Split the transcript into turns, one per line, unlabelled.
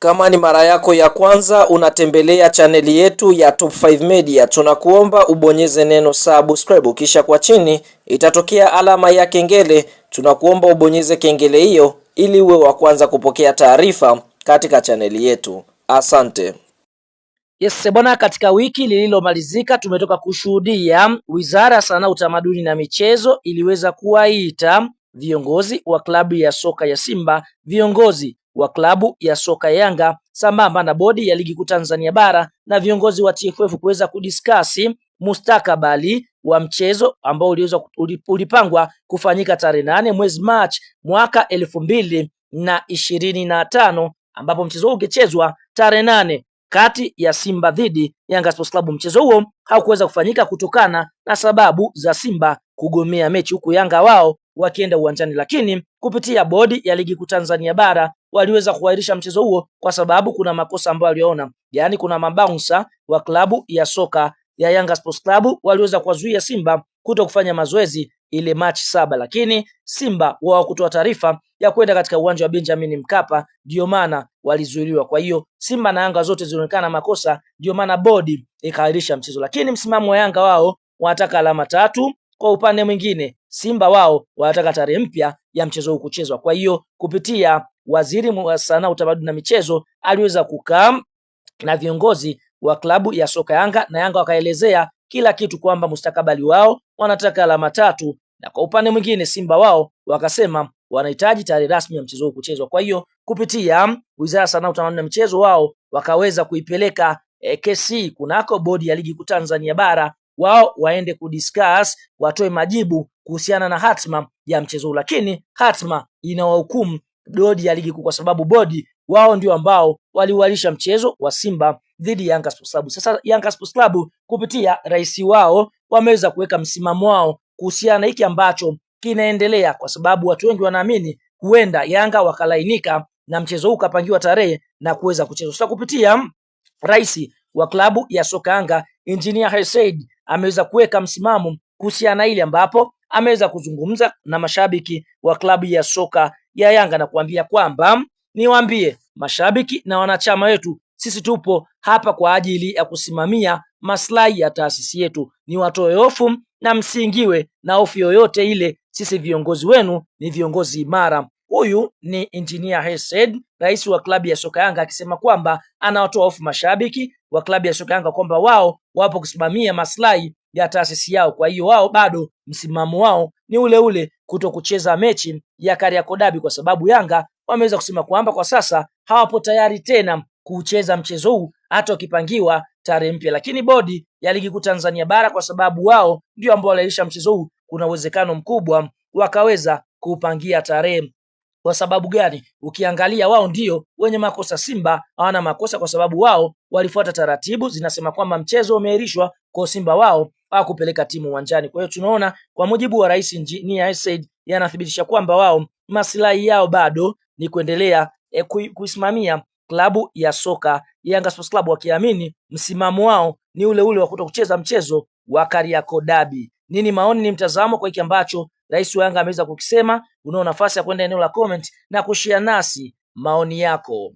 Kama ni mara yako ya kwanza unatembelea chaneli yetu ya Top 5 Media, tunakuomba ubonyeze neno subscribe, kisha kwa chini itatokea alama ya kengele. Tunakuomba ubonyeze kengele hiyo ili uwe wa kwanza kupokea taarifa katika chaneli yetu. Asante.
Yes, bwana, katika wiki lililomalizika tumetoka kushuhudia Wizara ya Sanaa, Utamaduni na Michezo iliweza kuwaita viongozi wa klabu ya soka ya Simba, viongozi wa klabu ya soka Yanga sambamba na bodi ya ligi kuu Tanzania bara na viongozi wa TFF kuweza kudiskasi mustakabali wa mchezo ambao uliweza ulipangwa kufanyika tarehe nane mwezi Machi mwaka elfu mbili na ishirini na tano ambapo mchezo huo ungechezwa tarehe nane kati ya Simba dhidi Yanga Sports Club. Mchezo huo haukuweza kufanyika kutokana na sababu za Simba kugomea mechi, huku Yanga wao wakienda uwanjani, lakini kupitia bodi ya ligi kuu Tanzania bara waliweza kuahirisha mchezo huo kwa sababu kuna makosa ambayo waliona, yaani kuna mabaunsa wa klabu ya soka ya Yanga Sports Club waliweza kuwazuia Simba kuto kufanya mazoezi ile Machi saba, lakini Simba wao kutoa taarifa ya kwenda katika uwanja wa Benjamin Mkapa, ndiyo maana walizuiliwa. Kwa hiyo Simba na Yanga zote zilionekana makosa, ndio maana bodi ikaahirisha mchezo, lakini msimamo wa Yanga wao wanataka alama tatu kwa upande mwingine, Simba wao wanataka tarehe mpya ya mchezo huu kuchezwa. Kwa hiyo kupitia waziri wa sanaa, utamaduni na michezo aliweza kukaa na viongozi wa klabu ya soka Yanga na Yanga wakaelezea kila kitu kwamba mustakabali wao wanataka alama tatu, na kwa upande mwingine Simba wao wakasema wanahitaji tarehe rasmi ya mchezo huu kuchezwa. Kwa hiyo kupitia wizara ya sanaa, utamaduni na michezo wao wakaweza kuipeleka e, eh, kesi kunako bodi ya ligi kuu Tanzania bara wao waende kudiscuss, watoe majibu kuhusiana na hatma ya mchezo huu, lakini hatma inawahukumu bodi ya ligi kuu, kwa sababu bodi wao ndio ambao waliualisha mchezo wa Simba dhidi ya Yanga Sports Club. Sasa Yanga Sports Club kupitia rais wao wameweza kuweka msimamo wao kuhusiana na hiki ambacho kinaendelea, kwa sababu watu wengi wanaamini huenda Yanga wakalainika na mchezo huu ukapangiwa tarehe na kuweza kuchezwa. Sasa kupitia rais wa klabu ya soka Yanga Engineer Hersi Said ameweza kuweka msimamo kuhusiana na ile ambapo ameweza kuzungumza na mashabiki wa klabu ya soka ya Yanga na kuambia kwamba niwaambie mashabiki na wanachama wetu, sisi tupo hapa kwa ajili ya kusimamia maslahi ya taasisi yetu, ni watoe hofu na msingiwe na hofu yoyote ile. Sisi viongozi wenu ni viongozi imara Huyu ni Engineer Hersi, rais wa klabu ya soka Yanga, akisema kwamba anawatoa hofu mashabiki wa klabu ya soka Yanga kwamba wao wapo kusimamia maslahi ya taasisi yao. Kwa hiyo wao bado msimamo wao ni ule ule, kuto kucheza mechi ya Kariakoo Derby, kwa sababu Yanga wameweza kusema kwamba kwa sasa hawapo tayari tena kucheza mchezo huu hata wakipangiwa tarehe mpya. Lakini bodi ya ligi kuu Tanzania bara, kwa sababu wao ndio ambao waliahirisha mchezo huu, kuna uwezekano mkubwa wakaweza kuupangia tarehe kwa sababu gani? Ukiangalia wao ndio wenye makosa. Simba hawana makosa, kwa sababu wao walifuata taratibu zinasema kwamba mchezo umeahirishwa, kwa Simba wao hawakupeleka timu uwanjani. Kwa hiyo tunaona kwa mujibu wa rais Injinia Said, yanathibitisha kwamba wao maslahi yao bado ni kuendelea e, kuisimamia klabu ya soka Yanga Sports Club, wakiamini msimamo wao ni ule ule wa kutokucheza mchezo wa Kariakoo Derby. Nini maoni, ni mtazamo kwa hiki ambacho rais wa Yanga ameweza kukisema. Unao nafasi ya kwenda eneo la comment na kushare nasi maoni yako.